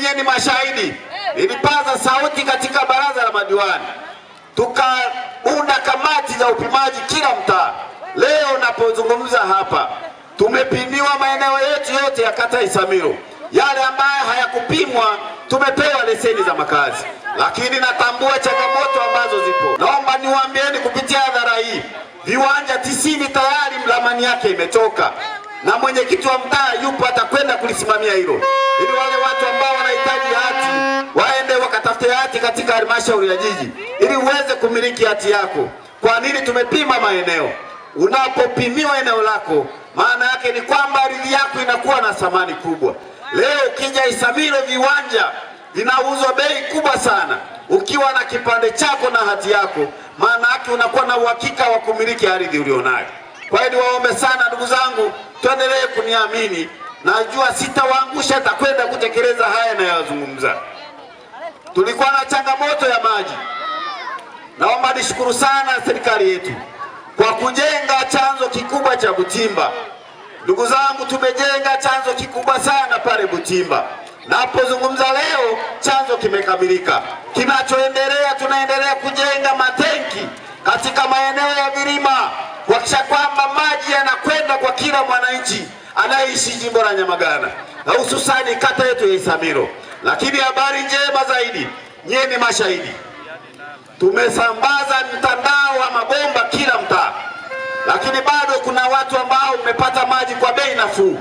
wenyewe ni mashahidi. Eh, ilipaza sauti katika baraza la madiwani, tukaunda kamati za upimaji kila mtaa. Leo napozungumza hapa, tumepimiwa maeneo yetu yote ya kata Isamilo. Yale ambayo hayakupimwa tumepewa leseni za makazi, lakini natambua changamoto ambazo zipo. Naomba niwaambieni kupitia hadhara hii, viwanja tisini tayari mlamani yake imetoka na mwenyekiti wa mtaa yupo, atakwenda kulisimamia hilo, ili wale watu ambao wanahitaji hati waende wakatafute hati katika halmashauri ya jiji, ili uweze kumiliki hati yako. Kwa nini? Tumepima maeneo. Unapopimiwa eneo lako, maana yake ni kwamba ardhi yako inakuwa na thamani kubwa. Leo ukija Isamilo, viwanja vinauzwa bei kubwa sana. Ukiwa na kipande chako na hati yako, maana yake unakuwa na uhakika wa kumiliki ardhi ulionayo. Kwa hiyo niwaombe sana ndugu zangu tuendelee kuniamini, najua sitawaangusha, atakwenda kutekeleza haya anayozungumza. Tulikuwa na changamoto ya maji. Naomba nishukuru sana serikali yetu kwa kujenga chanzo kikubwa cha Butimba. Ndugu zangu, tumejenga chanzo kikubwa sana pale Butimba. Napozungumza leo, chanzo kimekamilika. Kinachoendelea, tunaendelea kujenga katika maeneo ya milima kuhakikisha kwamba maji yanakwenda kwa kila mwananchi anayeishi jimbo la Nyamagana na hususani kata yetu ya Isamilo. Lakini habari njema zaidi, nyie ni mashahidi, tumesambaza mtandao wa mabomba kila mtaa, lakini bado kuna watu ambao mmepata maji kwa bei nafuu.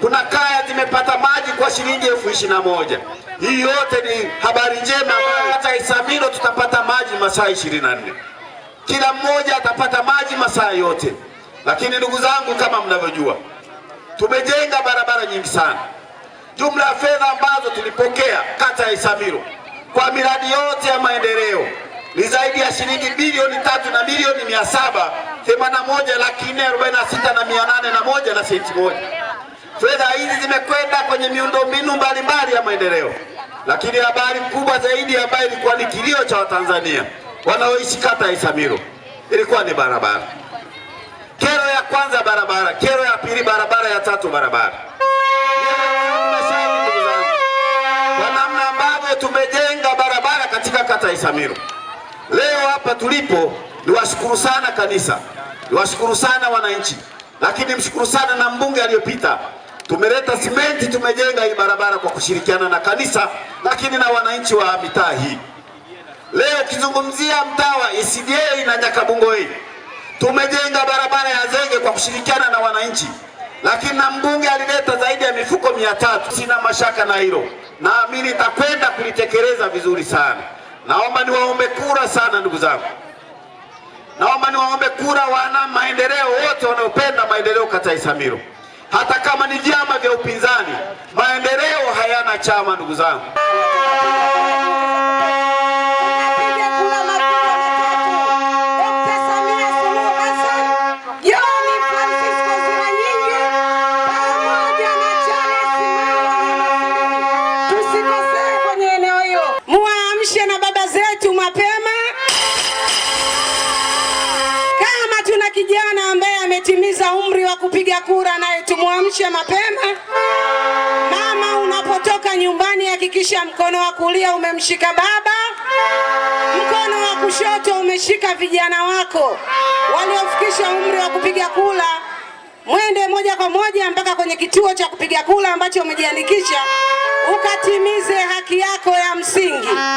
Kuna kaya zimepata maji kwa shilingi elfu ishirini na moja. Hii yote ni habari njema, hata Isamilo tutapata maji masaa ishirini na nne kila mmoja atapata maji masaa yote. Lakini ndugu zangu, kama mnavyojua, tumejenga barabara nyingi sana. Jumla ya fedha ambazo tulipokea kata ya Isamilo kwa miradi yote ya maendeleo ni zaidi ya shilingi bilioni tatu na milioni mia saba themanini na moja laki nne arobaini na sita na mia nane na moja na senti moja. Fedha hizi zimekwenda kwenye miundombinu mbalimbali ya maendeleo, lakini habari kubwa zaidi ambayo ilikuwa ni kilio cha Watanzania wanaoishi kata ya Isamilo ilikuwa ni barabara. Kero ya kwanza barabara, kero ya pili barabara, ya tatu barabara. Kwa namna ambavyo tumejenga barabara katika kata ya Isamilo leo hapa tulipo, niwashukuru sana kanisa, niwashukuru sana wananchi, lakini mshukuru sana na mbunge aliyopita. Tumeleta simenti, tumejenga hii barabara kwa kushirikiana na kanisa, lakini na wananchi wa mitaa hii. Leo kizungumzia mtaa wa Isigei na hii. tumejenga barabara ya zege kwa kushirikiana na wananchi, lakini na mbunge alileta zaidi ya mifuko mia tatu. Sina mashaka na hilo, naamini nitakwenda kulitekeleza vizuri sana. Naomba niwaombe kura sana, ndugu zangu, naomba niwaombe kura wana maendeleo wote wanaopenda maendeleo kata Isamilo, hata kama ni vyama vya upinzani. Maendeleo hayana chama, ndugu zangu. tuamshe na baba zetu mapema. Kama tuna kijana ambaye ametimiza umri wa kupiga kura, naye tumwamshe mapema. Mama, unapotoka nyumbani hakikisha mkono wa kulia umemshika baba, mkono wa kushoto umeshika vijana wako waliofikisha umri wa kupiga kura. Mwende moja kwa moja mpaka kwenye kituo cha kupiga kura ambacho umejiandikisha ukatimize haki yako ya msingi.